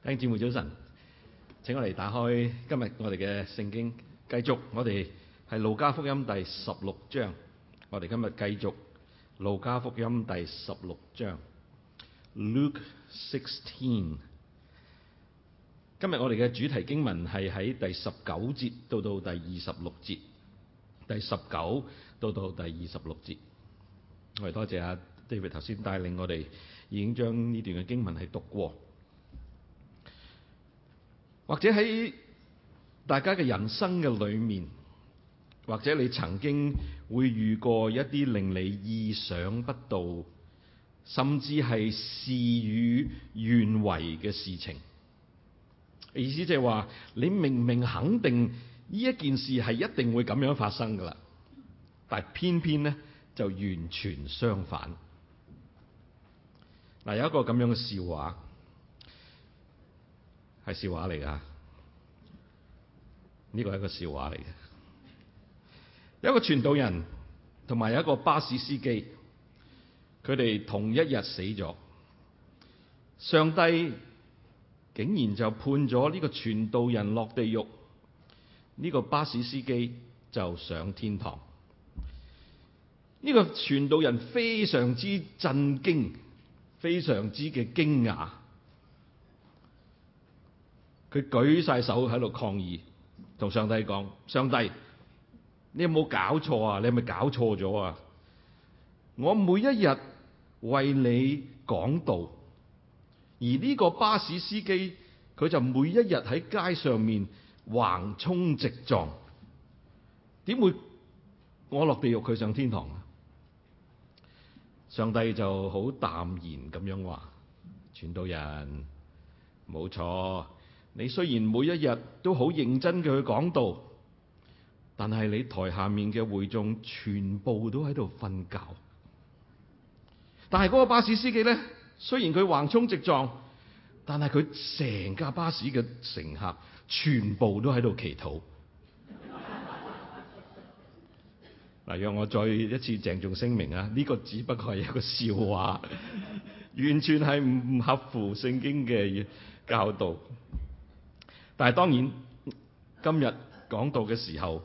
弟兄姊妹早晨，請我哋打開今日我哋嘅聖經，繼續我哋係路加福音第十六章，我哋今日繼續路加福音第十六章，Luke sixteen。今日我哋嘅主題經文係喺第十九節到到第二十六節，第十九到到第二十六節。我哋多謝啊，David 頭先帶領我哋已經將呢段嘅經文係讀過。或者喺大家嘅人生嘅裏面，或者你曾經會遇過一啲令你意想不到，甚至係事與願違嘅事情。意思就係話，你明明肯定呢一件事係一定會咁樣發生噶啦，但偏偏呢就完全相反。嗱，有一個咁樣嘅笑話。係笑話嚟噶，呢個係一個笑話嚟嘅。有一個傳道人同埋有一個巴士司機，佢哋同一日死咗，上帝竟然就判咗呢個傳道人落地獄，呢個巴士司機就上天堂。呢個傳道人非常之震驚，非常之嘅驚訝。佢舉晒手喺度抗議，同上帝講：上帝，你有冇搞錯啊？你係咪搞錯咗啊？我每一日為你講道，而呢個巴士司機佢就每一日喺街上面橫衝直撞，點會我落地獄佢上天堂啊？上帝就好淡然咁樣話：傳道人，冇錯。你雖然每一日都好認真嘅去講道，但係你台下面嘅會眾全部都喺度瞓覺。但係嗰個巴士司機呢，雖然佢橫衝直撞，但係佢成架巴士嘅乘客全部都喺度祈禱。嗱，讓我再一次鄭重聲明啊，呢個只不過係一個笑話，完全係唔合乎聖經嘅教導。但係當然，今日講到嘅時候，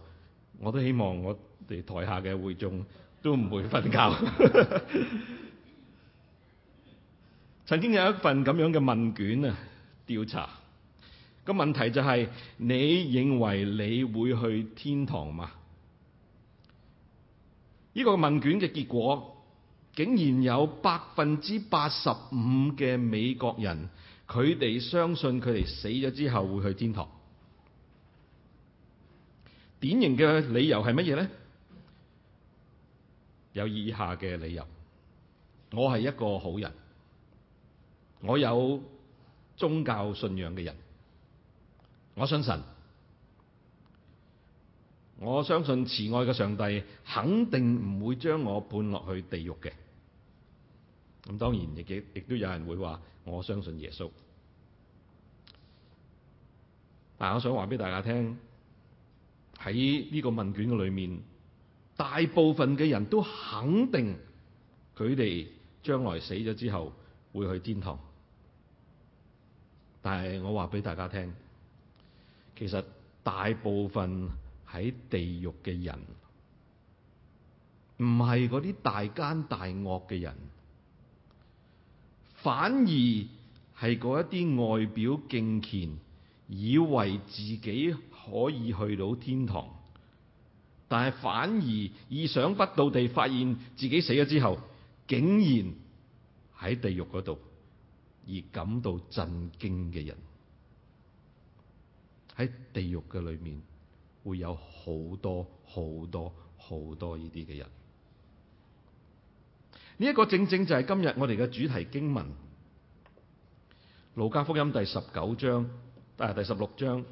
我都希望我哋台下嘅會眾都唔會瞓覺。 曾經有一份咁樣嘅問卷啊，調查個問題就係：你認為你會去天堂嗎？呢個問卷嘅結果，竟然有百分之八十五嘅美國人。佢哋相信佢哋死咗之後會去天堂。典型嘅理由係乜嘢咧？有以下嘅理由：我係一個好人，我有宗教信仰嘅人，我相信神，我相信慈愛嘅上帝肯定唔會將我判落去地獄嘅。咁當然亦亦亦都有人會話我相信耶穌。但我想話俾大家聽，喺呢個問卷嘅裏面，大部分嘅人都肯定佢哋將來死咗之後會去天堂。但係我話俾大家聽，其實大部分喺地獄嘅人，唔係啲大奸大惡嘅人。反而係嗰一啲外表敬虔，以為自己可以去到天堂，但係反而意想不到地發現自己死咗之後，竟然喺地獄嗰度而感到震驚嘅人，喺地獄嘅裏面會有好多好多好多呢啲嘅人。呢一個正正就係今日我哋嘅主題經文《路加福音》第十九章，誒，第十六章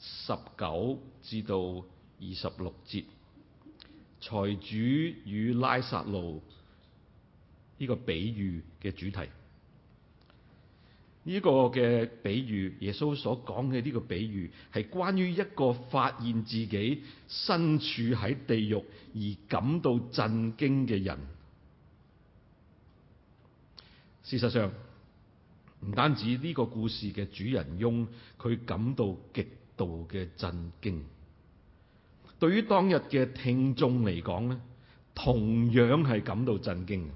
十九至到二十六節，財主與拉撒路呢個比喻嘅主題。呢、呢個嘅比喻，耶穌所講嘅呢個比喻，係關於一個發現自己身處喺地獄而感到震驚嘅人。事實上，唔單止呢個故事嘅主人翁，佢感到極度嘅震驚。對於當日嘅聽眾嚟講咧，同樣係感到震驚。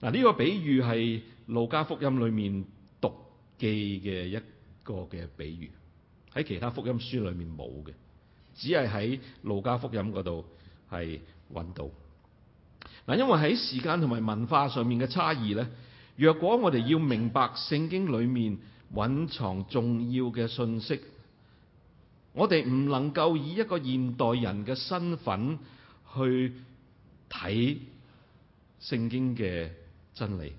嗱，呢個比喻係路加福音裏面讀記嘅一個嘅比喻，喺其他福音書裏面冇嘅，只係喺路加福音嗰度係揾到。嗱，因為喺時間同埋文化上面嘅差異咧，若果我哋要明白聖經裡面蘊藏重要嘅信息，我哋唔能夠以一個現代人嘅身份去睇聖經嘅真理，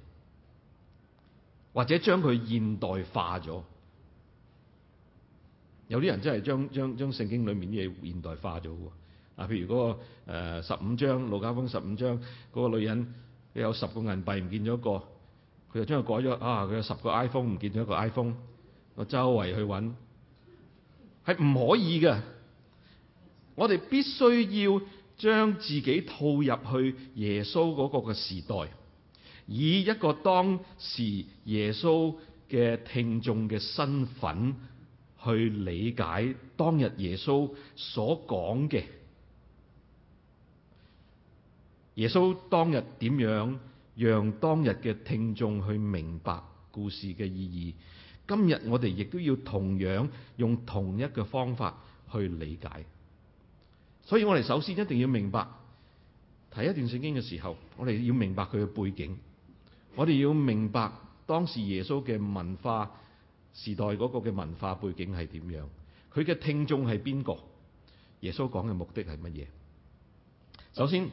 或者將佢現代化咗。有啲人真係將將將聖經裡面啲嘢現代化咗。啊！譬如嗰個誒十五章路加福音，十五章嗰個女人有十個銀幣唔見咗一個，佢就將佢改咗啊！佢有十個 iPhone 唔見咗一個 iPhone，我周圍去揾係唔可以嘅。我哋必須要將自己套入去耶穌嗰個嘅時代，以一個當時耶穌嘅聽眾嘅身份去理解當日耶穌所講嘅。耶穌當日點樣讓當日嘅聽眾去明白故事嘅意義？今日我哋亦都要同樣用同一個方法去理解。所以我哋首先一定要明白，睇一段聖經嘅時候，我哋要明白佢嘅背景，我哋要明白當時耶穌嘅文化時代嗰個嘅文化背景係點樣，佢嘅聽眾係邊個，耶穌講嘅目的係乜嘢？首先。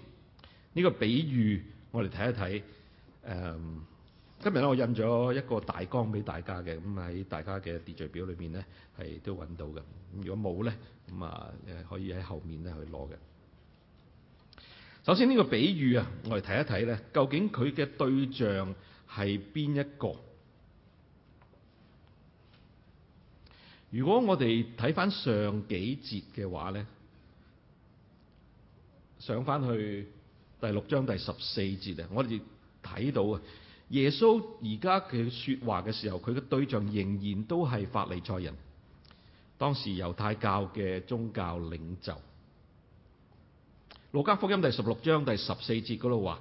呢個比喻，我哋睇一睇。誒、嗯，今日咧，我印咗一個大綱俾大家嘅，咁喺大家嘅秩序表裏邊咧，係都揾到嘅。如果冇咧，咁、嗯、啊，可以喺後面咧去攞嘅。首先，呢個比喻啊，我哋睇一睇咧，究竟佢嘅對象係邊一個？如果我哋睇翻上幾節嘅話咧，上翻去。第六章第十四節啊，我哋睇到啊，耶穌而家佢說話嘅時候，佢嘅對象仍然都係法利賽人，當時猶太教嘅宗教領袖。路加福音第十六章第十四節嗰度話，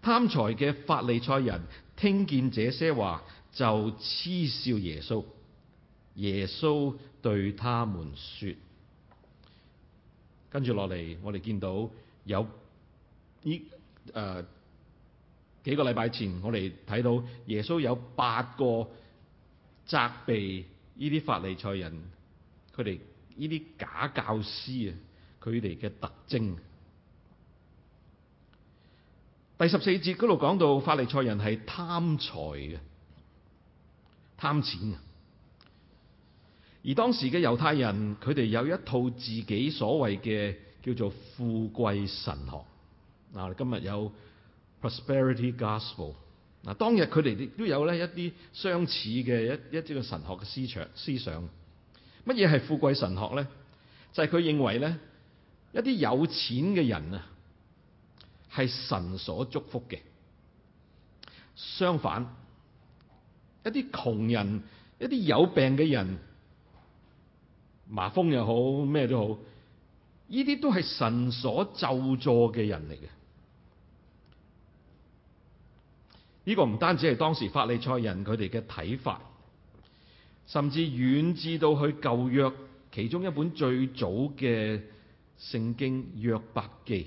貪財嘅法利賽人聽見這些話就嗤笑耶穌。耶穌對他們說，跟住落嚟我哋見到有。呢誒幾個禮拜前，我哋睇到耶穌有八個責備呢啲法利賽人，佢哋呢啲假教師啊，佢哋嘅特徵。第十四節度講到法利賽人係貪財嘅，貪錢啊。而當時嘅猶太人，佢哋有一套自己所謂嘅叫做富貴神學。嗱，今日有 Prosperity Gospel。嗱，當日佢哋亦都有咧，一啲相似嘅一一啲嘅神學嘅思想思想。乜嘢係富貴神學咧？就係佢認為咧，一啲有錢嘅人啊，係神所祝福嘅。相反，一啲窮人、一啲有病嘅人，麻風又好，咩都好。呢啲都係神所咒詛嘅人嚟嘅。呢、呢個唔單止係當時法利賽人佢哋嘅睇法，甚至遠至到去舊約其中一本最早嘅聖經《約伯記》，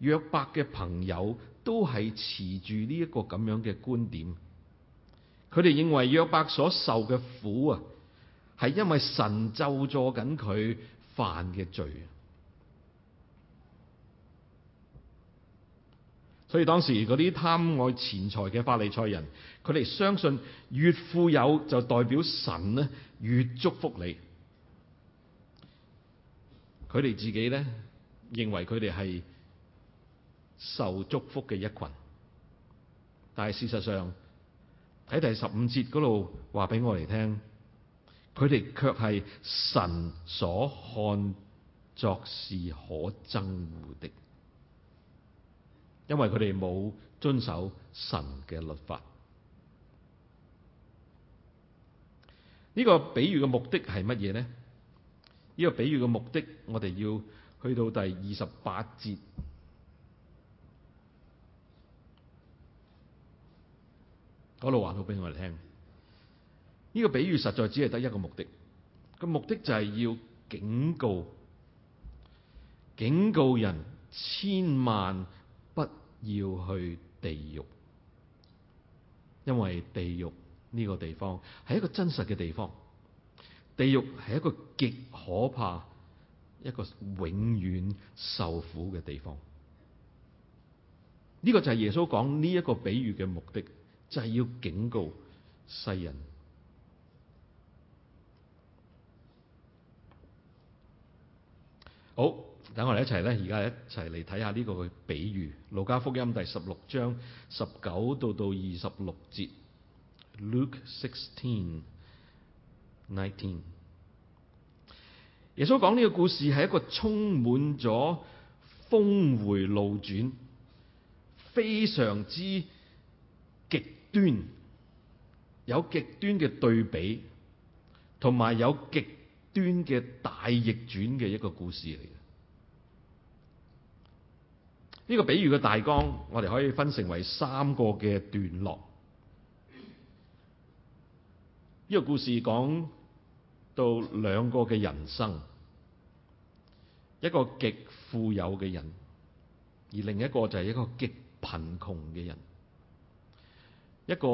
約伯嘅朋友都係持住呢一個咁樣嘅觀點。佢哋認為約伯所受嘅苦啊，係因為神咒詛緊佢。犯嘅罪啊！所以當時嗰啲貪愛錢財嘅法利賽人，佢哋相信越富有就代表神咧越祝福你。佢哋自己咧認為佢哋係受祝福嘅一群，但係事實上喺第十五節嗰度話俾我哋聽。佢哋卻係神所看作是可憎惡的，因為佢哋冇遵守神嘅律法。呢個比喻嘅目的係乜嘢呢？呢個比喻嘅目的，我哋要去到第二十八節嗰度話好俾我哋聽。呢個比喻實在只係得一個目的，個目的就係要警告，警告人千萬不要去地獄，因為地獄呢個地方係一個真實嘅地方，地獄係一個極可怕、一個永遠受苦嘅地方。呢個就係耶穌講呢一個比喻嘅目的，就係要警告世人。好，等我哋一齊咧，而家一齊嚟睇下呢個嘅比喻，《路加福音》第十六章十九到到二十六節。Luke sixteen nineteen，耶穌講呢個故事係一個充滿咗峰回路轉，非常之極端，有極端嘅對比，同埋有極。端嘅大逆轉嘅一個故事嚟嘅。呢個比喻嘅大綱，我哋可以分成為三個嘅段落。呢個故事講到兩個嘅人生，一個極富有嘅人，而另一個就係一個極貧窮嘅人，一個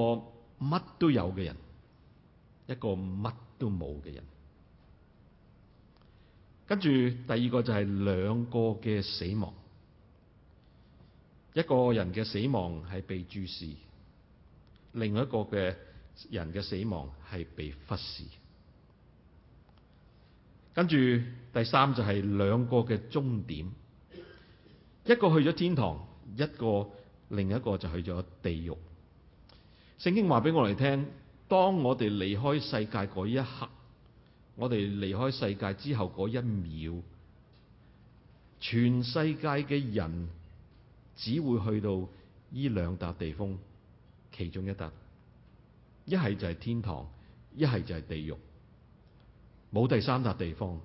乜都有嘅人，一個乜都冇嘅人。跟住第二個就係兩個嘅死亡，一個人嘅死亡係被注視，另外一個嘅人嘅死亡係被忽視。跟住第三就係兩個嘅終點，一個去咗天堂，一個另一個就去咗地獄。聖經話俾我哋聽，當我哋離開世界嗰一刻。我哋離開世界之後嗰一秒，全世界嘅人只會去到呢兩笪地方，其中一笪，一係就係天堂，一係就係地獄，冇第三笪地方，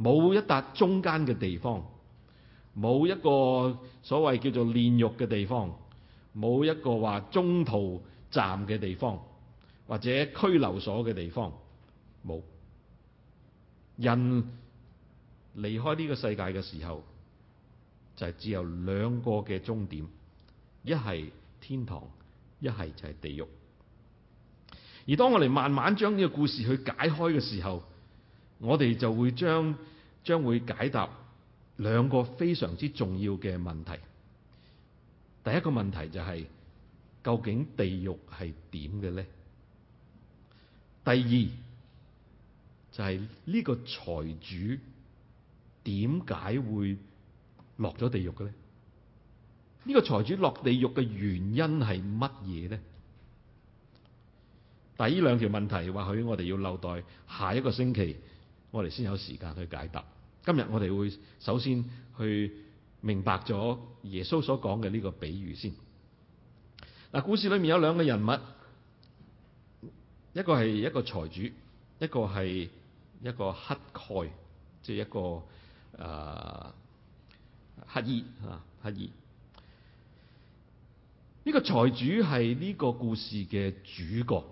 冇一笪中間嘅地方，冇一個所謂叫做煉獄嘅地方，冇一個話中途站嘅地方，或者拘留所嘅地方，冇。人離開呢個世界嘅時候，就係只有兩個嘅終點，一係天堂，一係就係地獄。而當我哋慢慢將呢個故事去解開嘅時候，我哋就會將將會解答兩個非常之重要嘅問題。第一個問題就係究竟地獄係點嘅呢？第二。就係呢個財主點解會落咗地獄嘅咧？呢個財主落地獄嘅原因係乜嘢咧？但呢兩條問題，或許我哋要留待下一個星期，我哋先有時間去解答。今日我哋會首先去明白咗耶穌所講嘅呢個比喻先。嗱，故事裏面有兩個人物，一個係一個財主，一個係。一個乞丐，即係一個誒、呃、乞兒嚇，乞兒。呢、這個財主係呢個故事嘅主角，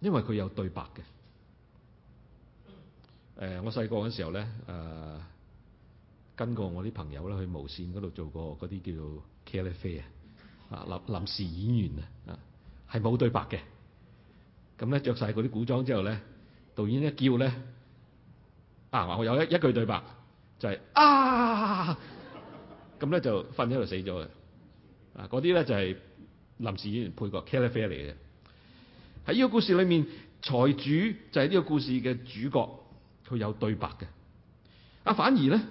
因為佢有對白嘅。誒、呃，我細個嗰時候咧誒、呃，跟過我啲朋友咧去無線嗰度做過嗰啲叫做 a 茄喱啡啊，臨臨時演員啊，係冇對白嘅。咁咧着晒嗰啲古裝之後咧。導演一叫咧，啊我有一一句對白，就係啊，咁咧就瞓喺度死咗嘅。啊，嗰啲咧就係臨時演員配角、茄喱啡嚟嘅。喺呢個故事裏面，財主就係呢個故事嘅主角，佢有對白嘅。啊，反而咧呢、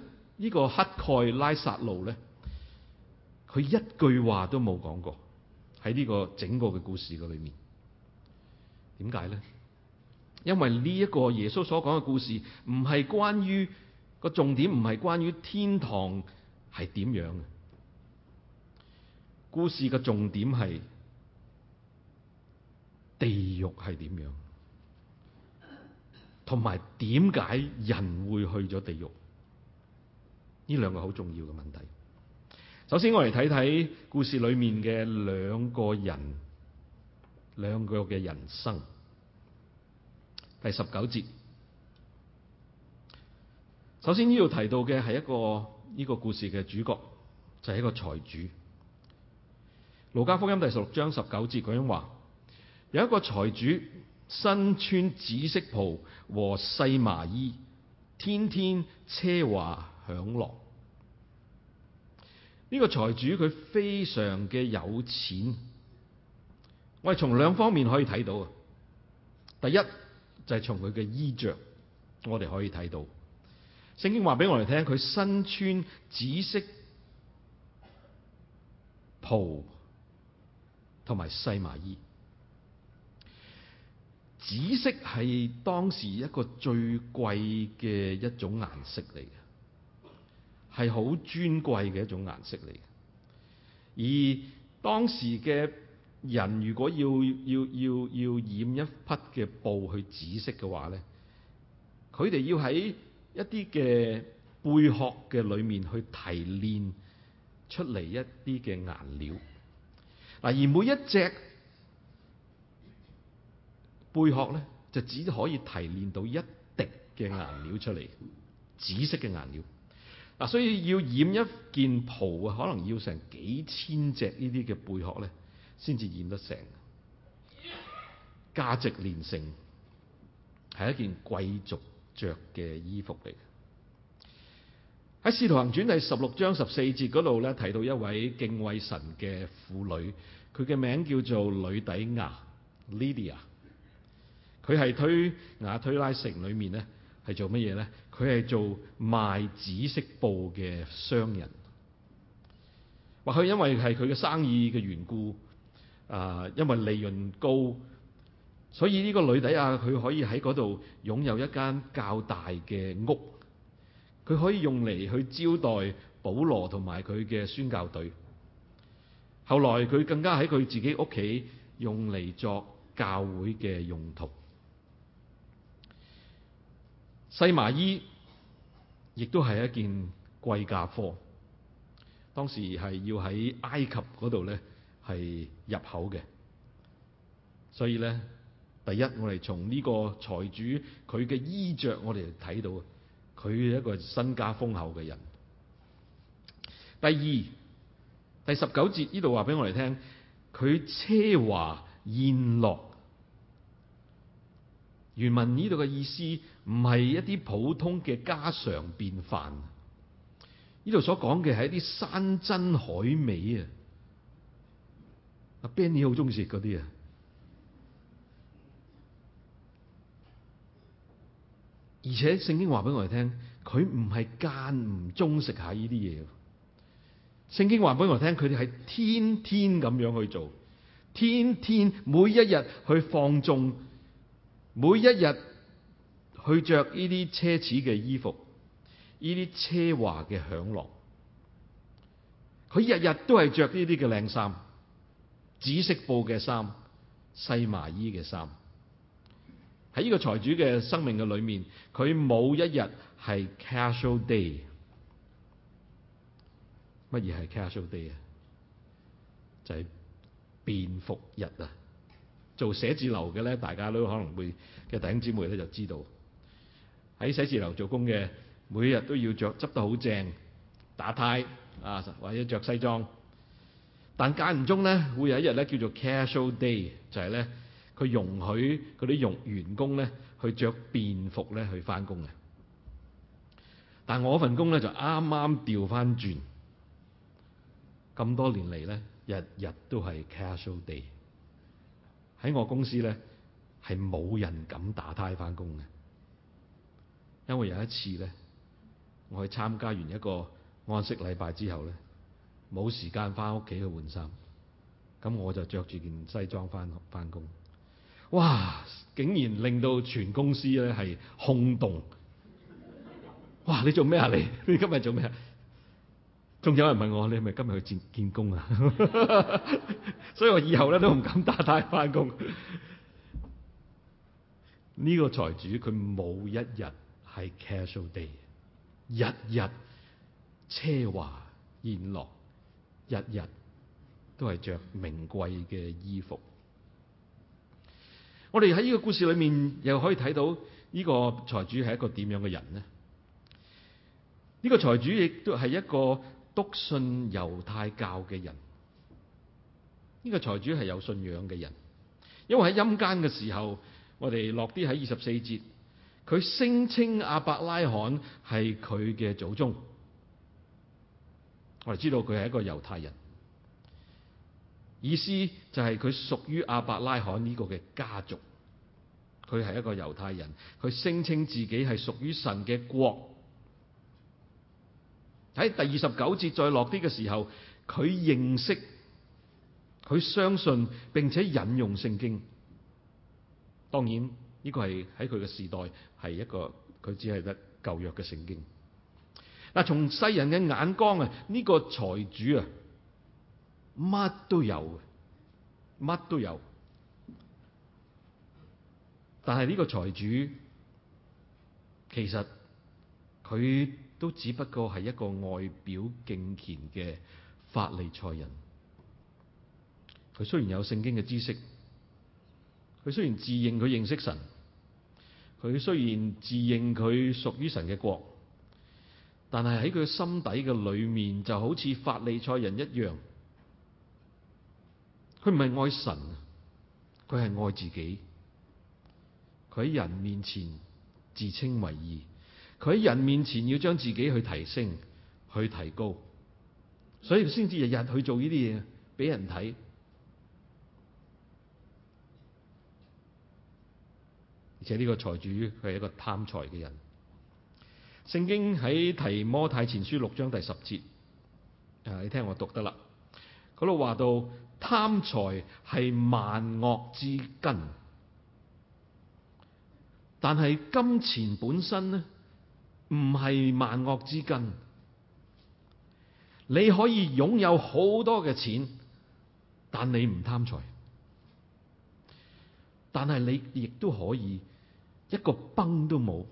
這個乞丐拉撒路咧，佢一句話都冇講過喺呢個整個嘅故事嘅裏面。點解咧？因為呢一個耶穌所講嘅故事，唔係關於，個重點唔係關於天堂係點樣嘅。故事嘅重點係地獄係點樣，同埋點解人會去咗地獄？呢兩個好重要嘅問題。首先，我哋嚟睇睇故事裏面嘅兩個人，兩個嘅人生。第十九節，首先呢度提到嘅係一個呢個故事嘅主角，就係、是、一個財主。路加福音第十六章十九節講樣話：，有一個財主身穿紫色袍和細麻衣，天天奢華享樂。呢、這個財主佢非常嘅有錢，我係從兩方面可以睇到啊。第一就係從佢嘅衣着，我哋可以睇到聖經話俾我哋聽，佢身穿紫色袍同埋細麻衣。紫色係當時一個最貴嘅一種顏色嚟嘅，係好尊貴嘅一種顏色嚟嘅，而當時嘅人如果要要要要染一匹嘅布去紫色嘅話咧，佢哋要喺一啲嘅貝殼嘅裏面去提煉出嚟一啲嘅顏料。嗱，而每一隻貝殼咧，就只可以提煉到一滴嘅顏料出嚟，紫色嘅顏料。嗱，所以要染一件袍啊，可能要成幾千隻呢啲嘅貝殼咧，先至染得成，價值連城，係一件貴族着嘅衣服嚟。喺《使徒行傳》第十六章十四節嗰度咧，提到一位敬畏神嘅婦女，佢嘅名叫做呂底亞 （Lydia）。佢係推雅推拉城裏面咧，係做乜嘢咧？佢係做賣紫色布嘅商人。或許因為係佢嘅生意嘅緣故。啊，因為利潤高，所以呢個呂底亞佢可以喺嗰度擁有一間較大嘅屋，佢可以用嚟去招待保羅同埋佢嘅宣教隊。後來佢更加喺佢自己屋企用嚟作教會嘅用途。細麻衣亦都係一件貴價貨，當時係要喺埃及嗰度咧。係入口嘅。所以咧，第一，我哋從呢個財主佢嘅衣着，我哋睇到佢係一個身家豐厚嘅人。第二，第十九節呢度話俾我哋聽，佢奢華宴樂，原文呢度嘅意思唔係一啲普通嘅家常便飯，呢度所講嘅係一啲山珍海味啊。阿 Benny 好中意食嗰啲啊，而且聖經話俾我哋聽，佢唔係間唔中食下呢啲嘢。聖經話俾我哋聽，佢哋係天天咁樣去做，天天每一日去放縱，每一日去着呢啲奢侈嘅衣服，呢啲奢華嘅享樂。佢日日都係着呢啲嘅靚衫。紫色布嘅衫、細麻衣嘅衫，喺呢個財主嘅生命嘅裏面，佢冇一日係 casual day。乜嘢係 casual day 啊？就係便服日啊！做寫字樓嘅咧，大家都可能會嘅弟兄姊妹咧就知道，喺寫字樓做工嘅，每日都要着執得好正，打呔啊，或者着西裝。但間唔中咧，會有一日咧叫做 Casual Day，就係咧佢容許嗰啲用員工咧去着便服咧去翻工嘅。但我份工咧就啱啱調翻轉，咁多年嚟咧日日都係 Casual Day。喺我公司咧係冇人敢打呔翻工嘅，因為有一次咧我去參加完一個安息禮拜之後咧，冇時間翻屋企去換衫，咁我就着住件西裝翻翻工。哇！竟然令到全公司咧係轟動。哇！你做咩啊？你你今日做咩？仲有人問我：你係咪今日去見見工啊？ 所以我以後咧都唔敢打呔翻工。呢、這個財主佢冇一日係 casual day，日日奢華宴樂。日日都係着名貴嘅衣服。我哋喺呢個故事裏面，又可以睇到呢個財主係一個點樣嘅人呢？呢個財主亦都係一個篤信猶太教嘅人。呢個財主係有信仰嘅人，因為喺陰間嘅時候，我哋落啲喺二十四節，佢聲稱阿伯拉罕係佢嘅祖宗。我哋知道佢係一個猶太人，意思就係佢屬於亞伯拉罕呢個嘅家族，佢係一個猶太人，佢聲稱自己係屬於神嘅國。喺第二十九節再落啲嘅時候，佢認識，佢相信，並且引用聖經。當然呢、這個係喺佢嘅時代係一個，佢只係得舊約嘅聖經。嗱，從世人嘅眼光啊，呢個財主啊，乜都有，乜都有。但係呢個財主，其實佢都只不過係一個外表敬虔嘅法利賽人。佢雖然有聖經嘅知識，佢雖然自認佢認識神，佢雖然自認佢屬於神嘅國。但係喺佢心底嘅裏面，就好似法利賽人一樣，佢唔係愛神，佢係愛自己。佢喺人面前自稱為義，佢喺人面前要將自己去提升、去提高，所以先至日日去做呢啲嘢俾人睇。而且呢個財主，佢係一個貪財嘅人。聖經喺提摩太前書六章第十節，啊，你聽我讀得啦。嗰度話到貪財係萬惡之根，但係金錢本身咧唔係萬惡之根。你可以擁有好多嘅錢，但你唔貪財，但係你亦都可以一個崩都冇。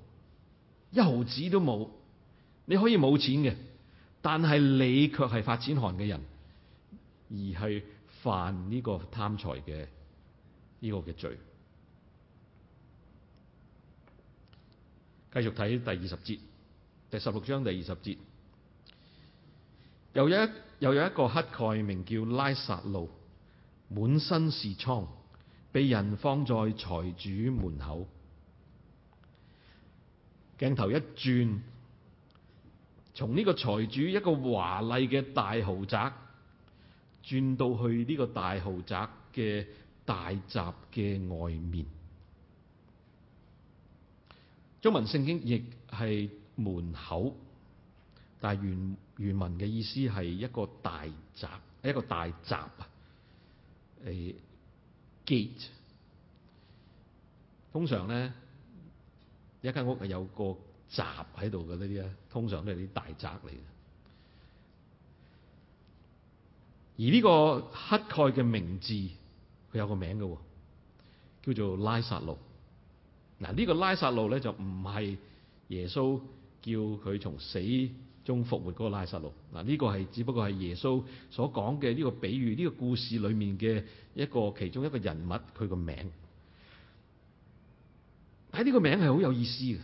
一毫子都冇，你可以冇錢嘅，但係你卻係發錢寒嘅人，而係犯呢個貪財嘅呢個嘅罪。繼續睇第二十節，第十六章第二十節，又有一又有一個乞丐，名叫拉撒路，滿身是瘡，被人放在財主門口。鏡頭一轉，從呢個財主一個華麗嘅大豪宅，轉到去呢個大豪宅嘅大閘嘅外面。中文聖經亦係門口，但係原原文嘅意思係一個大閘，一個大閘誒、欸，gate。通常咧。一間屋有個閘喺度嘅呢啲咧，通常都係啲大宅嚟嘅。而呢個乞丐嘅名字，佢有個名嘅喎，叫做拉撒路。嗱，呢個拉撒路咧就唔係耶穌叫佢從死中復活嗰個拉撒路。嗱，呢個係只不過係耶穌所講嘅呢個比喻、呢、呢個故事裏面嘅一個其中一個人物佢個名。睇呢個名係好有意思嘅，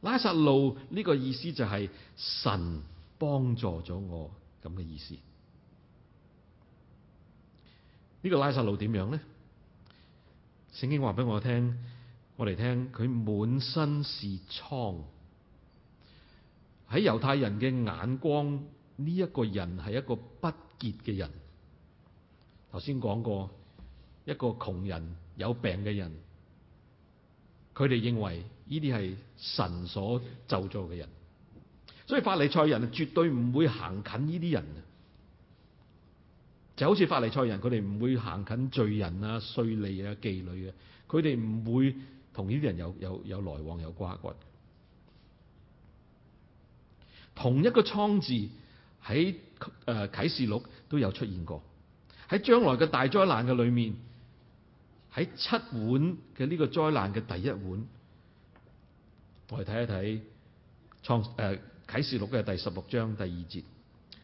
拉撒路呢個意思就係神幫助咗我咁嘅意思。呢個拉撒路點樣呢？聖經話俾我聽，我嚟聽佢滿身是瘡，喺猶太人嘅眼光，呢一個人係一個不潔嘅人。頭先講過，一個窮人有病嘅人。佢哋認為呢啲係神所咒詛嘅人，所以法利賽人絕對唔會行近呢啲人。就好似法利賽人，佢哋唔會行近罪人啊、稅吏啊、妓女嘅，佢哋唔會同呢啲人有有有來往、有瓜葛。同一個瘡字喺誒啟示錄都有出現過，喺將來嘅大災難嘅裏面。喺七碗嘅呢個災難嘅第一碗，我哋睇一睇創誒啟示錄嘅第十六章第二節，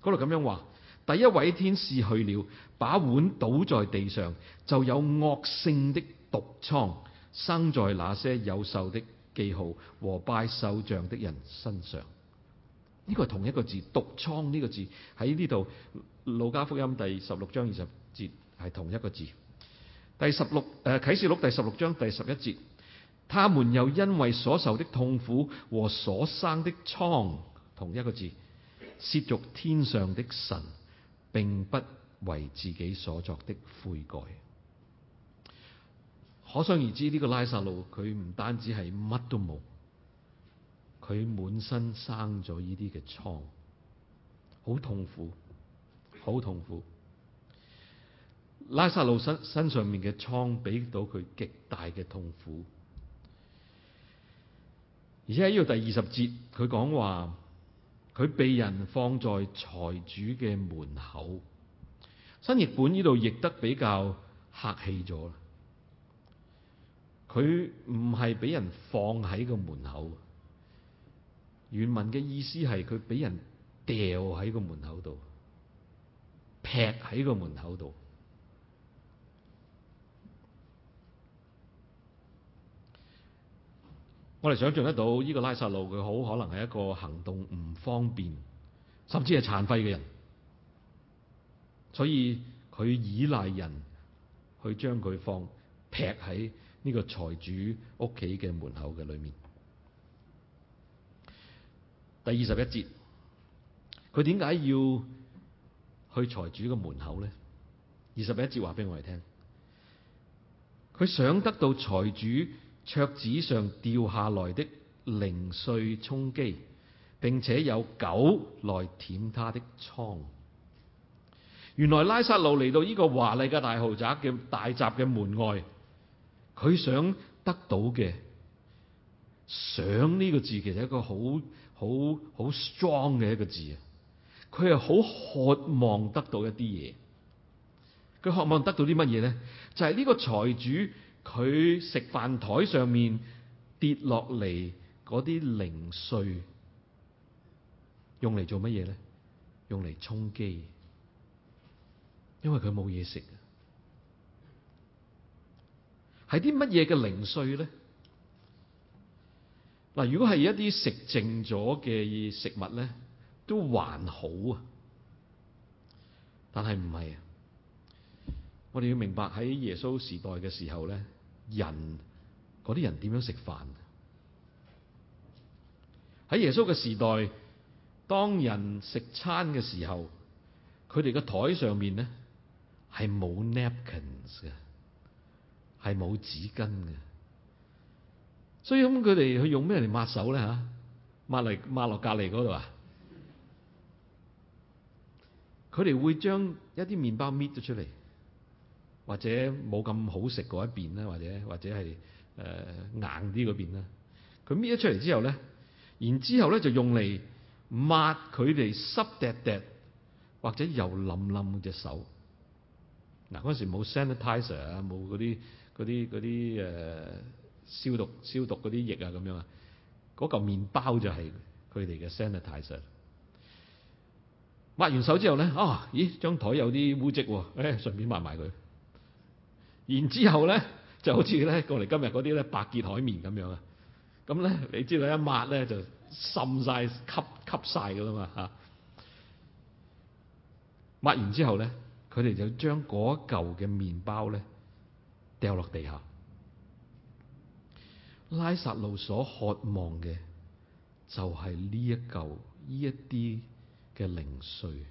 嗰度咁樣話：第一位天使去了，把碗倒在地上，就有惡性的毒瘡生在那些有獸的記號和拜獸像的人身上。呢個係同一個字，毒瘡呢個字喺呢度，路加福音第十六章二十節係同一個字。第十六，誒啟示錄第十六章第十一節，他們又因為所受的痛苦和所生的瘡，同一個字，褻瀆天上的神，並不為自己所作的悔改。可想而知呢，這個拉撒路佢唔單止係乜都冇，佢滿身生咗呢啲嘅瘡，好痛苦，好痛苦。拉撒路身身上面嘅瘡，俾到佢極大嘅痛苦。而且喺呢度第二十節，佢講話佢被人放在財主嘅門口。新譯本呢度譯得比較客氣咗，佢唔係俾人放喺個門口。原文嘅意思係佢俾人掉喺個門口度，劈喺個門口度。我哋想象得到呢個拉撒路佢好可能係一個行動唔方便，甚至係殘廢嘅人，所以佢依賴人去將佢放劈喺呢個財主屋企嘅門口嘅裏面。第二十一節，佢點解要去財主嘅門口咧？二十一節話俾我哋聽，佢想得到財主。桌子上掉下來的零碎充飢，並且有狗來舔他的瘡。原來拉撒路嚟到呢個華麗嘅大豪宅，嘅大宅嘅門外，佢想得到嘅想呢個字其實係一個好好好 strong 嘅一個字啊！佢係好渴望得到一啲嘢。佢渴望得到啲乜嘢咧？就係、是、呢個財主。佢食飯台上面跌落嚟嗰啲零碎，用嚟做乜嘢咧？用嚟充飢，因為佢冇嘢食。係啲乜嘢嘅零碎咧？嗱，如果係一啲食剩咗嘅食物咧，都還好啊，但係唔係啊。我哋要明白喺耶穌時代嘅時候咧，人啲人點樣食飯？喺耶穌嘅時代，當人食餐嘅時候，佢哋嘅台上面咧係冇 napkins 嘅，係冇紙巾嘅。所以咁佢哋去用咩嚟抹手咧？吓，抹嚟抹落隔籬度啊？佢哋會將一啲麵包搣咗出嚟。或者冇咁好食嗰一邊咧，或者或者係誒、呃、硬啲嗰邊咧。佢搣咗出嚟之後咧，然之後咧就用嚟抹佢哋濕滴滴，或者油冧冧隻手。嗱，嗰陣時冇 sanitizer 啊，冇嗰啲啲啲誒消毒消毒嗰啲液啊咁樣啊。嗰嚿麵包就係佢哋嘅 sanitizer。抹完手之後咧，啊、哦、咦，張台有啲污漬喎，誒順便抹埋佢。然之後咧，就好似咧過嚟今日嗰啲咧百潔海綿咁樣啊，咁咧你知道一抹咧就滲晒、吸吸晒噶啦嘛嚇，抹完之後咧，佢哋就將嗰嚿嘅麵包咧掉落地下。拉撒路所渴望嘅就係呢一嚿呢一啲嘅零碎。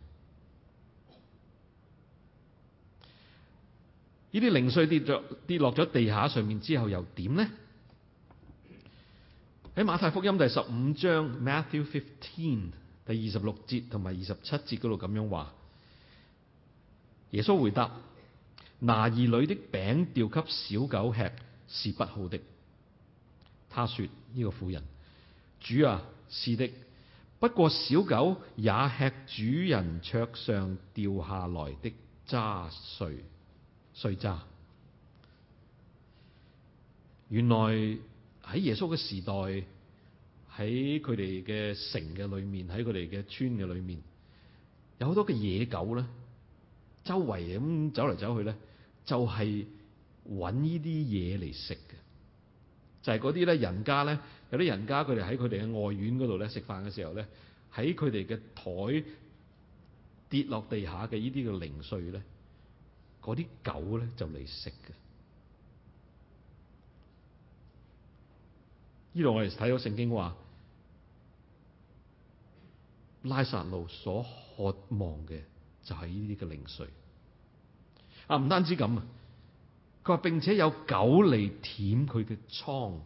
呢啲零碎跌咗跌落咗地下上面之後又點呢？喺馬太福音第十五章 Matthew Fifteen 第二十六節同埋二十七節嗰度咁樣話，耶穌回答：拿兒女的餅掉給小狗吃是不好的。他說：呢個婦人，主啊，是的，不過小狗也吃主人桌上掉下來的渣碎。碎渣。原來喺耶穌嘅時代，喺佢哋嘅城嘅裏面，喺佢哋嘅村嘅裏面，有好多嘅野狗咧，周圍咁走嚟走去咧，就係揾呢啲嘢嚟食嘅，就係嗰啲咧，人家咧，有啲人家佢哋喺佢哋嘅外院嗰度咧食飯嘅時候咧，喺佢哋嘅枱跌落地下嘅呢啲嘅零碎咧。嗰啲狗咧就嚟食嘅，呢度我哋睇到聖經話，拉撒路所渴望嘅就係呢啲嘅零碎。啊，唔單止咁啊，佢話，並且有狗嚟舔佢嘅瘡。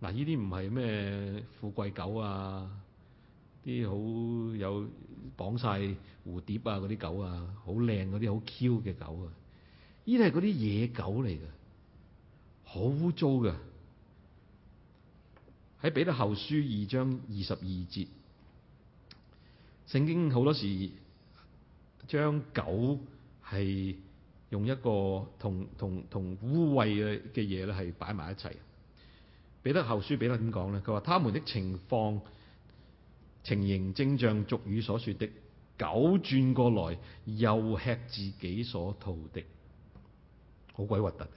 嗱、啊，呢啲唔係咩富貴狗啊，啲好有。綁晒蝴蝶啊，嗰啲狗啊，好靚嗰啲好 Q 嘅狗啊，呢啲係嗰啲野狗嚟噶，好污糟噶。喺彼得後書二章二十二節，聖經好多時將狗係用一個同同同污穢嘅嘅嘢咧係擺埋一齊。彼得後書彼得點講咧？佢話他們的情況情形正像俗語所說的：狗轉過來又吃自己所吐的。好鬼核突嘅。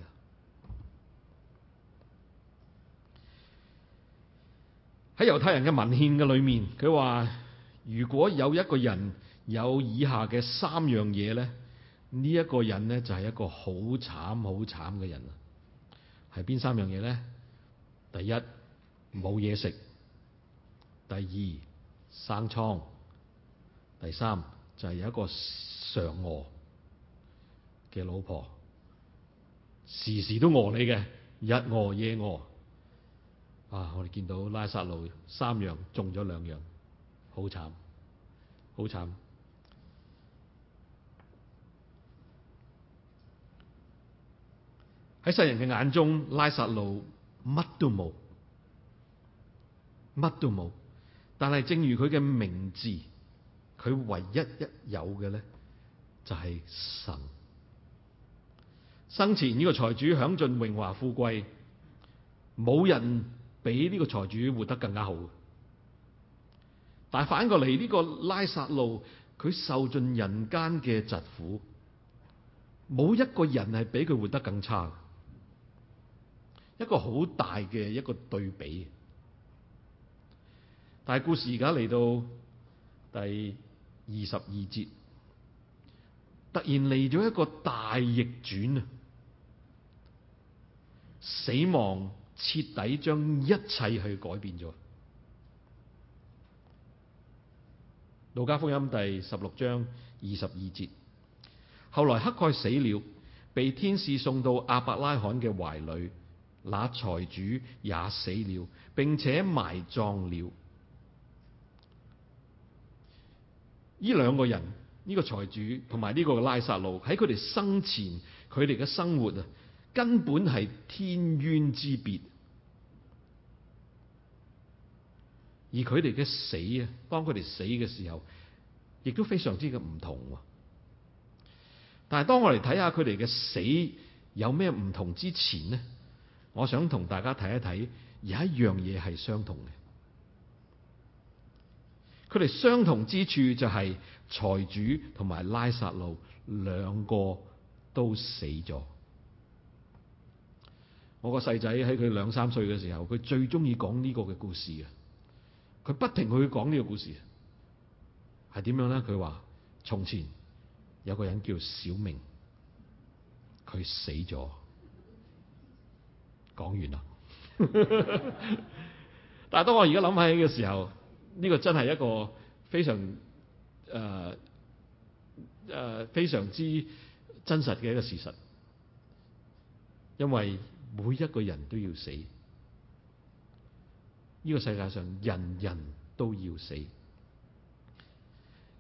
喺猶太人嘅文獻嘅裏面，佢話：如果有一個人有以下嘅三樣嘢呢：呢個人呢，就係一個好慘好慘嘅人啦。係邊三樣嘢呢？第一，冇嘢食，第二，生瘡，第三就係、是、有一個常餓嘅老婆，時時都餓你嘅，日餓夜餓。啊！我哋見到拉撒路三樣，中咗兩樣，好慘，好慘。喺世人嘅眼中，拉撒路乜都冇，乜都冇。但係，正如佢嘅名字，佢唯一一有嘅咧，就係神。生前呢個財主享盡榮華富貴，冇人比呢個財主活得更加好。但係反過嚟呢個拉撒路，佢受盡人間嘅疾苦，冇一個人係比佢活得更差。一個好大嘅一個對比。但故事而家嚟到第二十二節，突然嚟咗一個大逆轉啊！死亡徹底將一切去改變咗。《路加福音》第十六章二十二節，後來乞丐死了，被天使送到亞伯拉罕嘅懷裏。那財主也死了，並且埋葬了。呢兩個人，呢個財主同埋呢個拉撒路喺佢哋生前，佢哋嘅生活啊，根本係天淵之別。而佢哋嘅死啊，當佢哋死嘅時候，亦都非常之嘅唔同。但係當我哋睇下佢哋嘅死有咩唔同之前咧，我想同大家睇一睇有一樣嘢係相同嘅。佢哋相同之處就係財主同埋拉撒路兩個都死咗。我個細仔喺佢兩三歲嘅時候，佢最鍾意講呢個嘅故事嘅，佢不停去講呢個故事。係點樣咧？佢話：從前有個人叫小明，佢死咗。講完啦。 但係當我而家諗起嘅時候，呢個真係一個非常誒誒、呃呃、非常之真實嘅一個事實，因為每一個人都要死，呢、這個世界上人人都要死。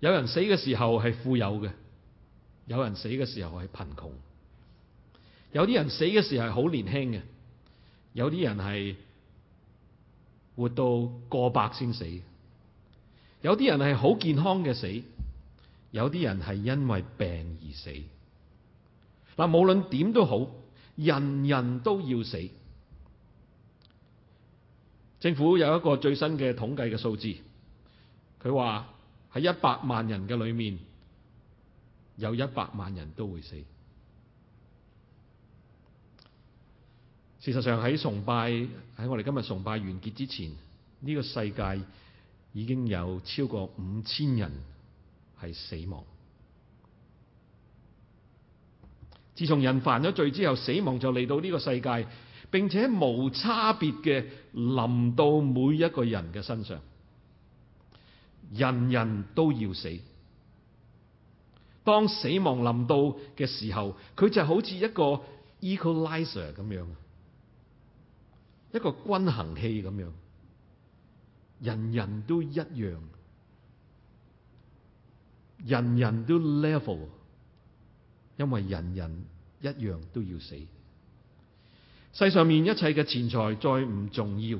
有人死嘅時候係富有嘅，有人死嘅時候係貧窮，有啲人死嘅時候係好年輕嘅，有啲人係活到過百先死。有啲人係好健康嘅死，有啲人係因為病而死。嗱，無論點都好，人人都要死。政府有一個最新嘅統計嘅數字，佢話喺一百萬人嘅裏面，有一百萬人都會死。事實上，喺崇拜，喺我哋今日崇拜完結之前，呢個世界。已經有超過五千人係死亡。自從人犯咗罪之後，死亡就嚟到呢個世界，並且無差別嘅臨到每一個人嘅身上，人人都要死。當死亡臨到嘅時候，佢就好似一個 equalizer 咁樣，一個均衡器咁樣。人人都一樣，人人都 level，因為人人一樣都要死。世上面一切嘅錢財再唔重要，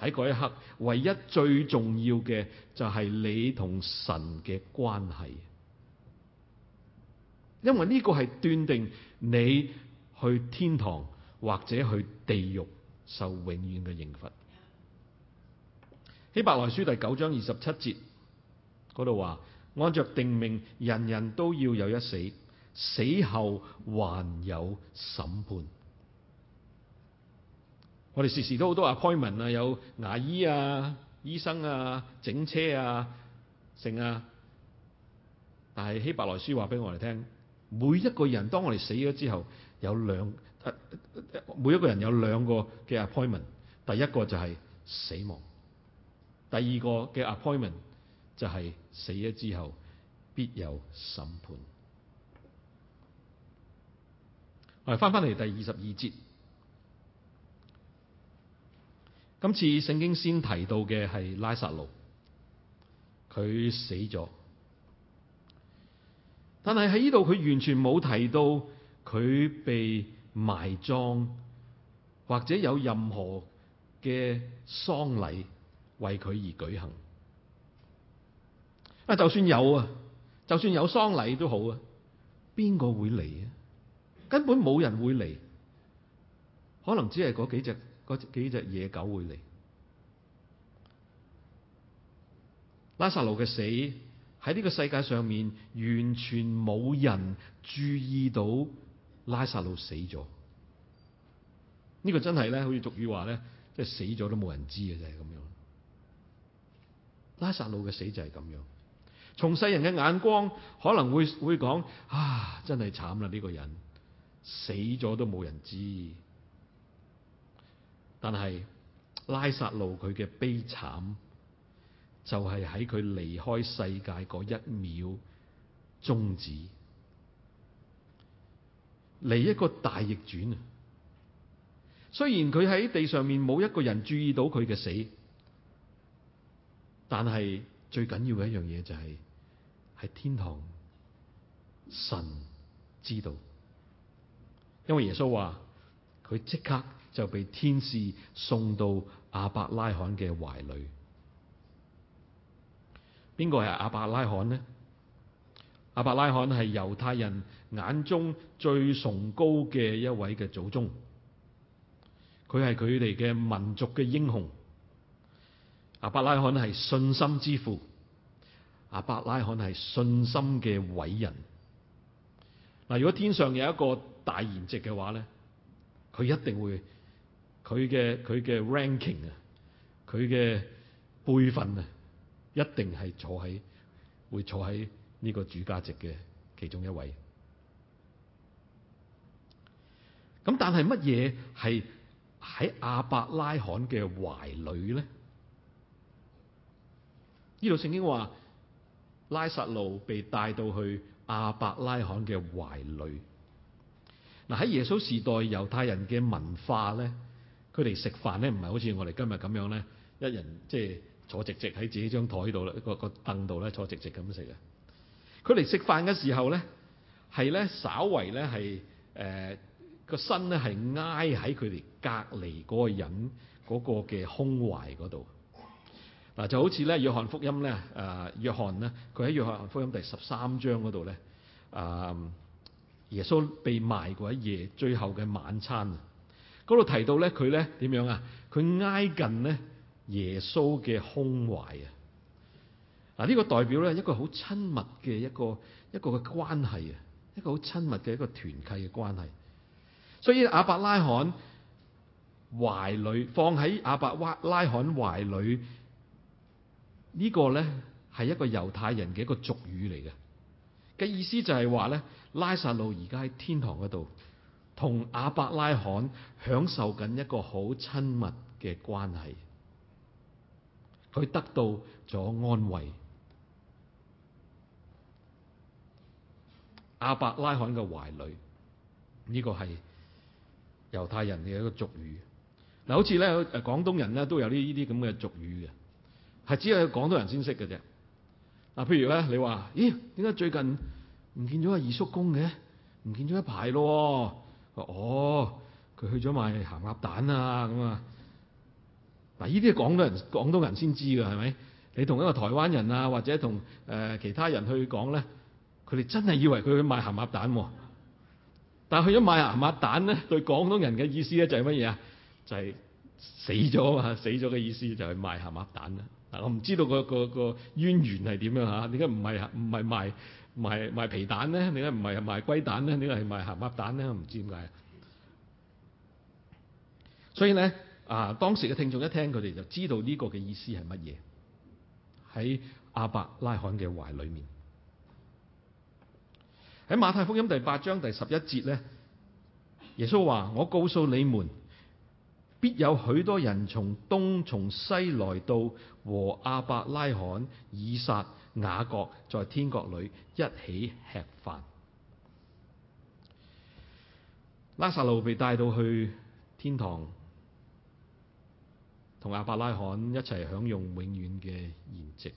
喺嗰一刻，唯一最重要嘅就係你同神嘅關係，因為呢個係斷定你去天堂或者去地獄受永遠嘅刑罰。《希伯來書》第九章二十七節嗰度話，按照定命，人人都要有一死，死後還有審判。我哋時時都好多 appointment 啊，有牙醫啊、醫生啊、整車啊、剩啊。但係《希伯來書》話俾我哋聽，每一個人當我哋死咗之後，有兩、啊啊啊，每一個人有兩個嘅 appointment。第一個就係死亡。第二個嘅 appointment 就係死咗之後必有審判。我哋翻翻嚟，第二十二節，今次聖經先提到嘅係拉撒路，佢死咗，但係喺呢度佢完全冇提到佢被埋葬或者有任何嘅喪禮。為佢而舉行啊！就算有啊，就算有喪禮都好啊，邊個會嚟啊？根本冇人會嚟，可能只係幾隻幾隻野狗會嚟。拉撒路嘅死喺呢個世界上面，完全冇人注意到拉撒路死咗。呢個真係咧，好似俗語話咧，即係死咗都冇人知啊，就係咁樣。拉撒路嘅死就係咁樣，從世人嘅眼光可能會會講啊，真係慘啦，呢個人死咗都冇人知，但係拉撒路佢嘅悲慘就係喺佢離開世界嗰一秒終止，嚟一個大逆轉啊！雖然佢喺地上面冇一個人注意到佢嘅死。但係最緊要嘅一樣嘢就係，是，喺天堂，神知道，因為耶穌話佢即刻就被天使送到亞伯拉罕嘅懷裏。邊個係亞伯拉罕呢？亞伯拉罕係猶太人眼中最崇高嘅一位嘅祖宗，佢係佢哋嘅民族嘅英雄。阿伯拉罕咧，係信心之父，阿伯拉罕係信心嘅偉人。嗱，如果天上有一個大筵席嘅話咧，佢一定會佢嘅佢嘅 ranking 啊，佢嘅輩分啊，一定係坐喺會坐喺呢個主家席嘅其中一位。咁但係乜嘢係喺阿伯拉罕嘅懷裏咧？呢度聖經話，拉撒路被帶到去亞伯拉罕嘅懷裏。嗱，喺耶穌時代猶太人嘅文化咧，佢哋食飯咧唔係好似我哋今日咁樣咧，一人即係坐直直喺自己張台度啦，個個凳度咧坐直直咁食嘅。佢哋食飯嘅時候咧，係咧稍為咧係誒個身咧係挨喺佢哋隔籬嗰個人嗰個嘅胸懷嗰度。嗱就好似咧，約翰福音咧，誒、呃、約翰咧，佢喺約翰福音第十三章嗰度咧，誒、呃、耶穌被賣嗰一夜最後嘅晚餐啊，嗰度提到咧佢咧點樣啊？佢挨近咧耶穌嘅胸懷啊，嗱呢個代表咧一個好親密嘅一個一個嘅關係啊，一個好親密嘅一個團契嘅關係。所以亞伯拉罕懷裡，放喺亞伯拉拉罕懷裡。個呢個咧，係一個猶太人嘅一個俗語嚟嘅，嘅意思就係話咧，拉撒路而家喺天堂度，同亞伯拉罕享受緊一個好親密嘅關係，佢得到咗安慰，亞伯拉罕嘅懷裡呢、呢個係猶太人嘅一個俗語。嗱，好似咧誒廣東人咧都有呢呢啲咁嘅俗語嘅。係只係廣東人先識嘅啫。嗱、啊，譬如咧，你話：咦，點解最近唔見咗阿二叔公嘅？唔見咗一排咯。哦，佢去咗賣鹹鴨蛋啊咁啊。嗱，呢啲係廣東人、廣東人先知㗎，係咪？你同一個台灣人啊，或者同誒、呃、其他人去講咧，佢哋真係以為佢去賣鹹鴨蛋。但係去咗賣鹹鴨蛋咧，對廣東人嘅意思咧就係乜嘢啊？就係、是就是、死咗啊。死咗嘅意思就係賣鹹鴨蛋啊。嗱，我唔知道個個個淵源係點樣吓，點解唔係唔係賣賣賣皮蛋咧？點解唔係賣龜蛋咧？點解係賣鹹鴨蛋咧？唔知點解。所以咧，啊，當時嘅聽眾一聽，佢哋就知道呢個嘅意思係乜嘢。喺亞伯拉罕嘅懷裏面。喺馬太福音第八章第十一節咧，耶穌話，我告訴你們。必有許多人從東從西來到和亞伯拉罕、以撒、雅各在天國裏一起吃飯。拉撒路被帶到去天堂，同亞伯拉罕一齊享用永遠嘅筵席。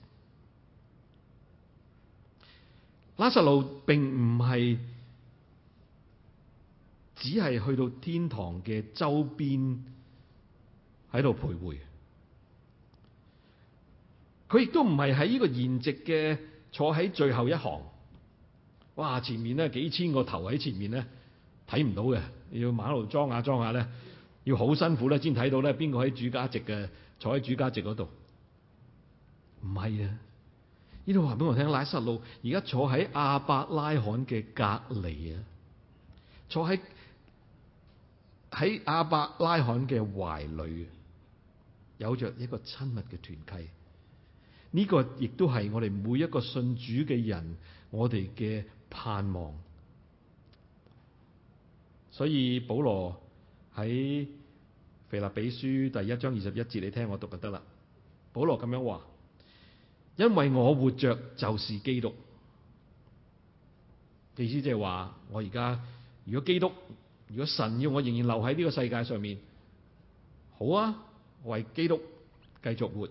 拉撒路並唔係只係去到天堂嘅周邊。喺度徘徊，佢亦都唔係喺呢個筵席嘅坐喺最後一行。哇，前面咧幾千個頭喺前面咧睇唔到嘅，要馬路裝下裝下咧，要好辛苦咧先睇到咧，邊個喺主家席嘅坐喺主家席嗰度。唔係啊，呢度話俾我聽拉撒路而家坐喺亞伯拉罕嘅隔籬啊，坐喺喺亞伯拉罕嘅懷裏。有着一個親密嘅團契，呢個亦都係我哋每一個信主嘅人，我哋嘅盼望。所以保羅喺腓立比書第一章二十一節，你聽我讀就得啦。保羅咁樣話：「因為我活着就是基督。意思即係話，我而家如果基督，如果神要我仍然留喺呢個世界上面，好啊。為基督繼,繼續活。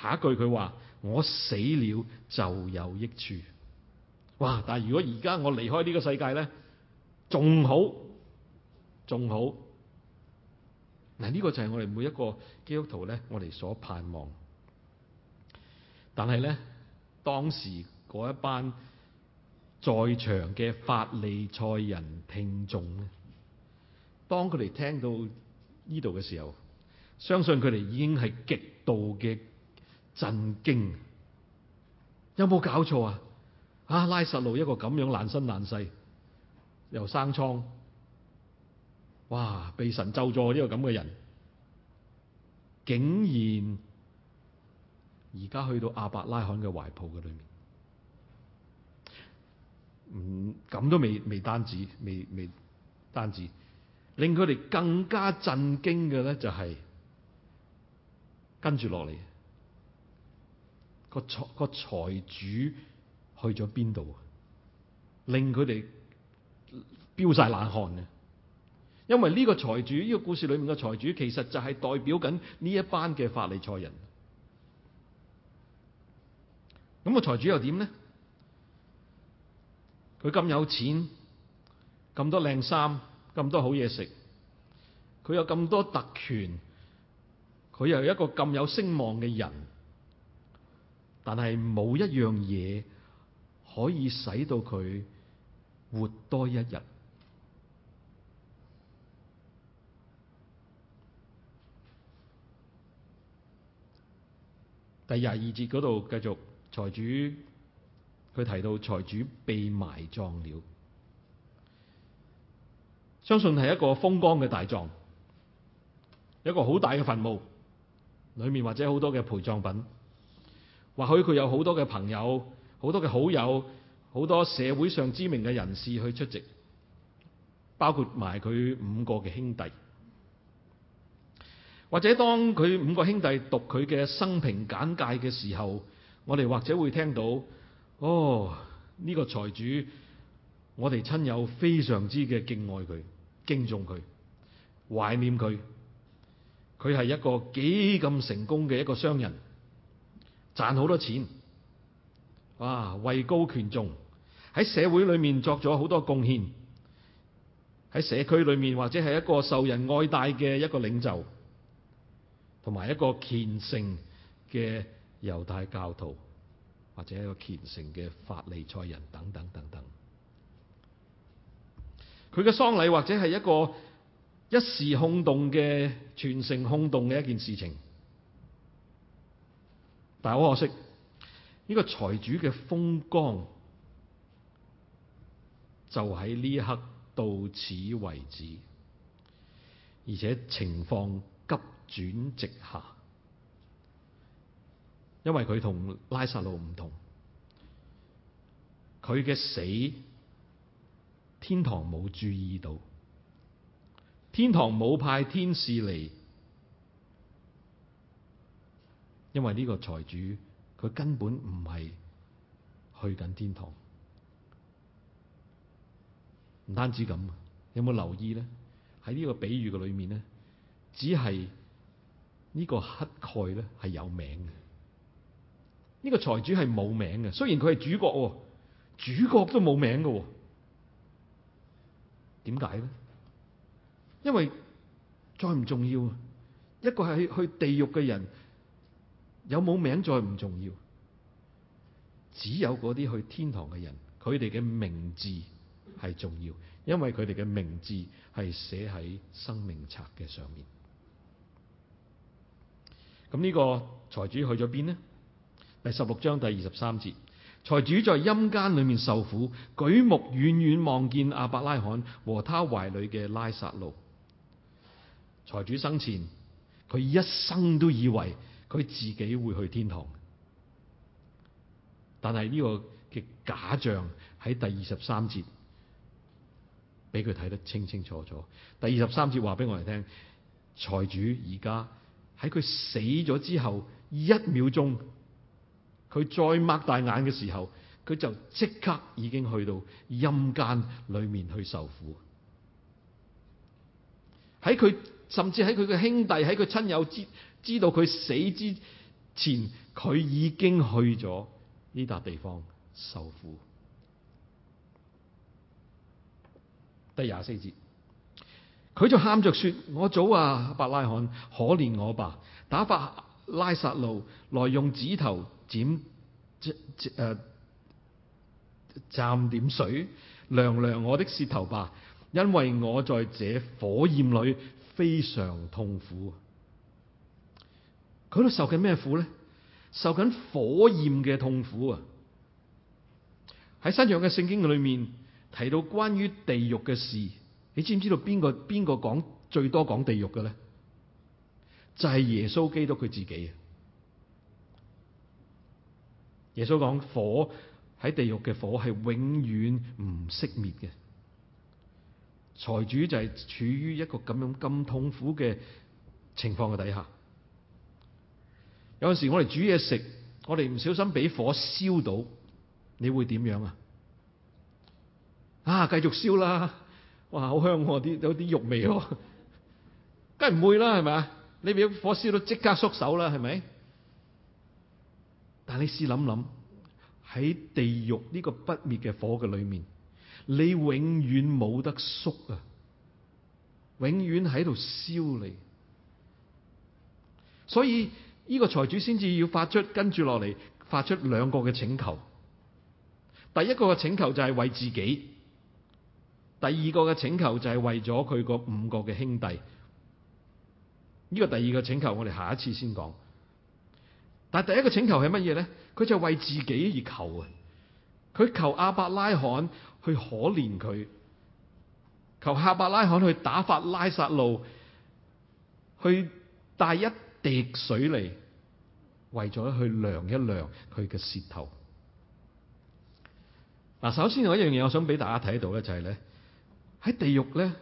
下一句佢話：我死了就有益處。哇！但係如果而家我離開呢個世界咧，仲好，仲好。嗱，呢個就係我哋每一個基督徒咧，我哋所盼望。但係咧，當時嗰一班在場嘅法利賽人聽眾咧，當佢哋聽到呢度嘅時候，相信佢哋已經係極度嘅震驚，有冇搞錯啊？啊，拉撒路一個咁樣爛身爛世，又生瘡，哇！被神咒咗呢個咁嘅人，竟然而家去到阿伯拉罕嘅懷抱嘅裏面，唔、嗯、咁都未未單止，未未單止，令佢哋更加震驚嘅咧，就係。跟住落嚟，個財個財主去咗邊度？令佢哋飆晒冷汗嘅，因為呢個財主，呢個故事裏面嘅財主，其實就係代表緊呢一班嘅法利賽人。咁個財主又點咧？佢咁有錢，咁多靚衫，咁多好嘢食，佢有咁多特權。佢又係一個咁有聲望嘅人，但係冇一樣嘢可以使到佢活多一日。第廿二節嗰度繼續，財主佢提到財主被埋葬了，相信係一個風光嘅大葬，一個好大嘅墳墓，裏面或者好多嘅陪葬品，或許佢有好多嘅朋友、好多嘅好友、好多社會上知名嘅人士去出席，包括埋佢五個嘅兄弟。或者當佢五個兄弟讀佢嘅生平簡介嘅時候，我哋或者會聽到，哦，呢個財主，我哋親友非常之嘅敬愛佢、敬重佢、懷念佢。佢係一個幾咁成功嘅一個商人，賺好多錢，啊，位高權重，喺社會裏面作咗好多貢獻，喺社區裏面或者係一個受人愛戴嘅一個領袖，同埋一個虔誠嘅猶太教徒，或者一個虔誠嘅法利賽人等等等等。佢嘅喪禮或者係一個。一時轟動嘅全城轟動嘅一件事情，但係好可惜，呢、這個財主嘅風光就喺呢一刻到此為止，而且情況急轉直下，因為佢同拉撒路唔同，佢嘅死天堂冇注意到。天堂冇派天使嚟，因為呢個財主佢根本唔係去緊天堂。唔單止咁，有冇留意咧？喺呢個比喻嘅裏面咧，只係呢個乞丐咧係有名嘅。呢個財主係冇名嘅，雖然佢係主角，主角都冇名嘅。點解咧？因為再唔重要，一個係去地獄嘅人有冇名再唔重要，只有嗰啲去天堂嘅人，佢哋嘅名字係重要，因為佢哋嘅名字係寫喺生命冊嘅上面。咁呢個財主去咗邊呢？第十六章第二十三節，財主在陰間裏面受苦，舉目遠遠望見阿伯拉罕和他懷裏嘅拉撒路。財主生前，佢一生都以為佢自己會去天堂，但係呢個嘅假象喺第二十三節俾佢睇得清清楚楚。第二十三節話俾我哋聽，財主而家喺佢死咗之後一秒鐘，佢再擘大眼嘅時候，佢就即刻已經去到陰間裏面去受苦。喺佢。甚至喺佢嘅兄弟、喺佢親友知知道佢死之前，佢已經去咗呢笪地方受苦。第廿四節，佢就喊着說：我祖啊，伯拉罕，可憐我吧，打發拉撒路來用指頭尖，誒，蘸點水涼涼我的舌頭吧，因為我在這火焰裏。非常痛苦，佢度受緊咩苦咧？受緊火焰嘅痛苦啊！喺新約嘅聖經裏面提到關於地獄嘅事，你知唔知道邊個邊個講最多講地獄嘅咧？就係耶穌基督佢自己啊！耶穌講火喺地獄嘅火係永遠唔熄滅嘅。財主就係處於一個咁樣咁痛苦嘅情況嘅底下，有陣時我哋煮嘢食，我哋唔小心俾火燒到，你會點樣啊？啊，繼續燒啦！哇，好香啲，有啲肉味喎，梗係唔會啦，係咪啊？你俾火燒到即刻縮手啦，係咪？但係你試諗諗，喺地獄呢個不滅嘅火嘅裏面。你永遠冇得縮啊！永遠喺度燒你，所以呢個財主先至要發出，跟住落嚟發出兩個嘅請求。第一個嘅請求就係為自己，第二個嘅請求就係為咗佢個五個嘅兄弟。呢個第二個請求，我哋下一次先講。但係第一個請求係乜嘢咧？佢就係為自己而求啊！佢求阿伯拉罕。去可憐佢，求亞伯拉罕去打發拉撒路去帶一滴水嚟，為咗去量一量佢嘅舌頭。嗱，首先有一樣嘢，我想俾大家睇到咧，就係咧，喺地獄咧，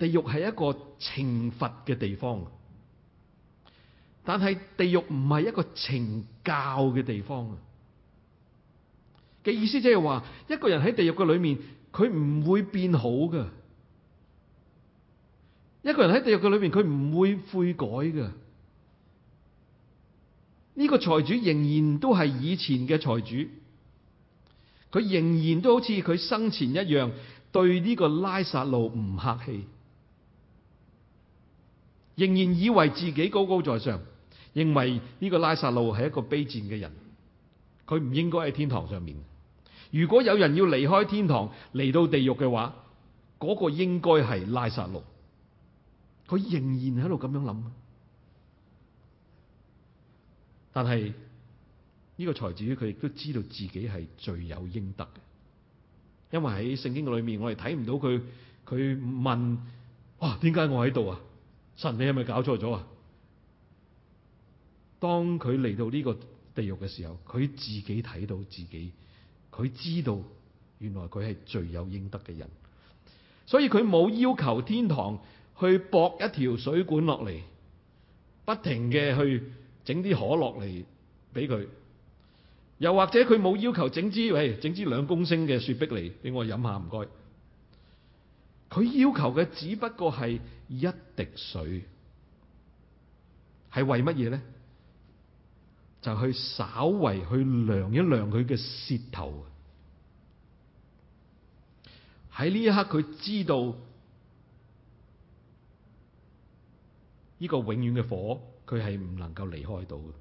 地獄係一個懲罰嘅地方，但係地獄唔係一個懲教嘅地方啊。嘅意思即係話，一個人喺地獄嘅裏面，佢唔會變好噶。一個人喺地獄嘅裏面，佢唔會悔改噶。呢、這個財主仍然都係以前嘅財主，佢仍然都好似佢生前一樣，對呢個拉撒路唔客氣，仍然以為自己高高在上，認為呢個拉撒路係一個卑賤嘅人，佢唔應該喺天堂上面。如果有人要離開天堂嚟到地獄嘅話，嗰個應該係拉撒路，佢仍然喺度咁樣諗。但係呢個財主，佢亦都知道自己係罪有應得嘅，因為喺聖經嘅裏面我哋睇唔到佢，佢問：哇，點解我喺度啊？神你係咪搞錯咗啊？當佢嚟到呢個地獄嘅時候，佢自己睇到自己。佢知道，原來佢係罪有應得嘅人，所以佢冇要求天堂去駁一條水管落嚟，不停嘅去整啲可樂嚟俾佢，又或者佢冇要求整支喂、欸、整支兩公升嘅雪碧嚟俾我飲下，唔該。佢要求嘅只不過係一滴水，係為乜嘢呢？就去稍微去量一量佢嘅舌頭，喺呢一刻佢知道呢個永遠嘅火，佢係唔能夠離開到嘅。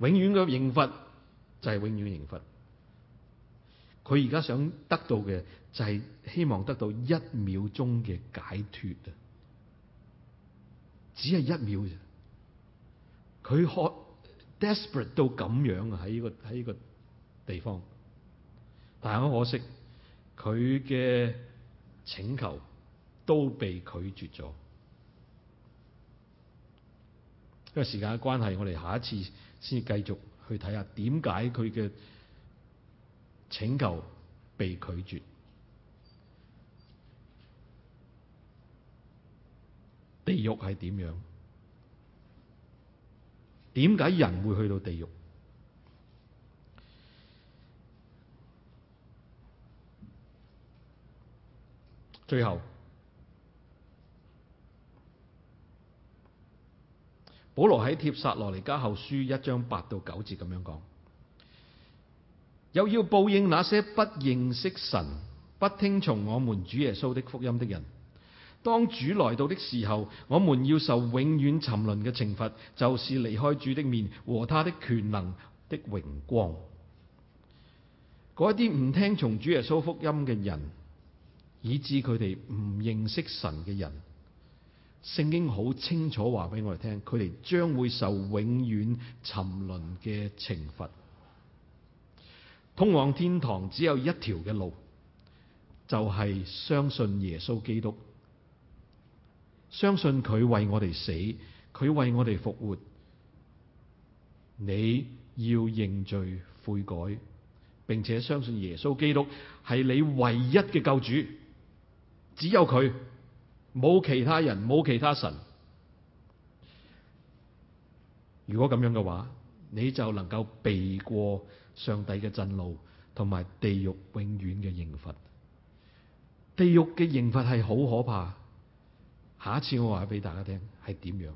永遠嘅刑罰就係永遠嘅刑罰。佢而家想得到嘅就係希望得到一秒鐘嘅解脫啊！只係一秒啫。佢渴 desperate 到咁樣啊！喺呢個喺呢個地方，但係好可惜，佢嘅請求都被拒絕咗。因為時間嘅關係，我哋下一次先繼續去睇下點解佢嘅請求被拒絕。地獄係點樣？點解人會去到地獄？最後，保羅喺帖撒羅尼加後書一章八到九節咁樣講：又要報應那些不認識神、不聽從我們主耶穌的福音的人。當主來到的時候，我們要受永遠沉淪嘅懲罰，就是離開主的面和他的權能的榮光。嗰啲唔聽從主耶穌福音嘅人，以致佢哋唔認識神嘅人，聖經好清楚話俾我哋聽，佢哋將會受永遠沉淪嘅懲罰。通往天堂只有一條嘅路，就係相信耶穌基督。相信佢為我哋死，佢為我哋復活。你要認罪悔改，並且相信耶穌基督係你唯一嘅救主，只有佢，冇其他人，冇其他神。如果咁樣嘅話，你就能夠避過上帝嘅震怒，同埋地獄永遠嘅刑罰。地獄嘅刑罰係好可怕。下次我話俾大家聽係點樣？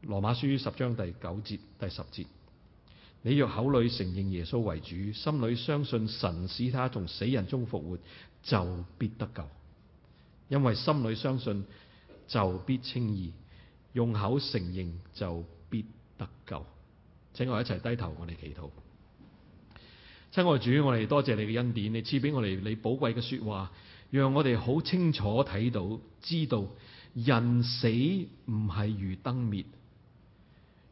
羅馬書十章第九節第十節，你若口裏承認耶穌為主，心裏相信神使他從死人中復活，就必得救。因為心裏相信就必稱義，用口承認就必得救。請我一齊低頭我，我哋祈禱。親愛的主，我哋多謝你嘅恩典，你賜俾我哋你寶貴嘅說話。讓我哋好清楚睇到，知道人死唔係如燈滅。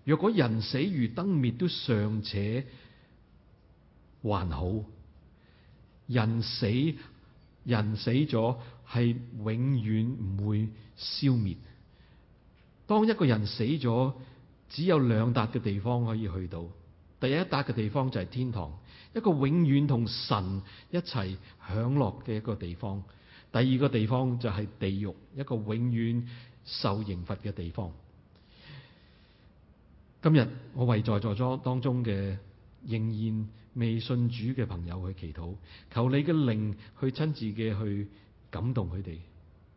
若果人死如燈滅都尚且還好，人死人死咗係永遠唔會消滅。當一個人死咗，只有兩笪嘅地方可以去到。第一笪嘅地方就係天堂。一個永遠同神一齊享樂嘅一個地方，第二個地方就係地獄，一個永遠受刑罰嘅地方。今日我為在，在座中當中嘅仍然未信主嘅朋友去祈禱，求你嘅靈去親自嘅去感動佢哋，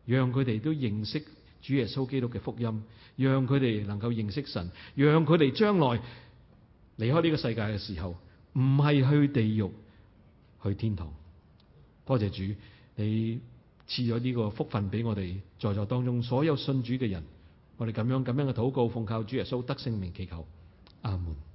讓佢哋都認識主耶穌基督嘅福音，讓佢哋能夠認識神，讓佢哋將來離開呢個世界嘅時候，唔係去地獄，去天堂。多謝主，你賜咗呢個福分俾我哋在座當中所有信主嘅人。我哋咁樣咁樣嘅禱告，奉靠主耶穌得聖名祈求。阿門。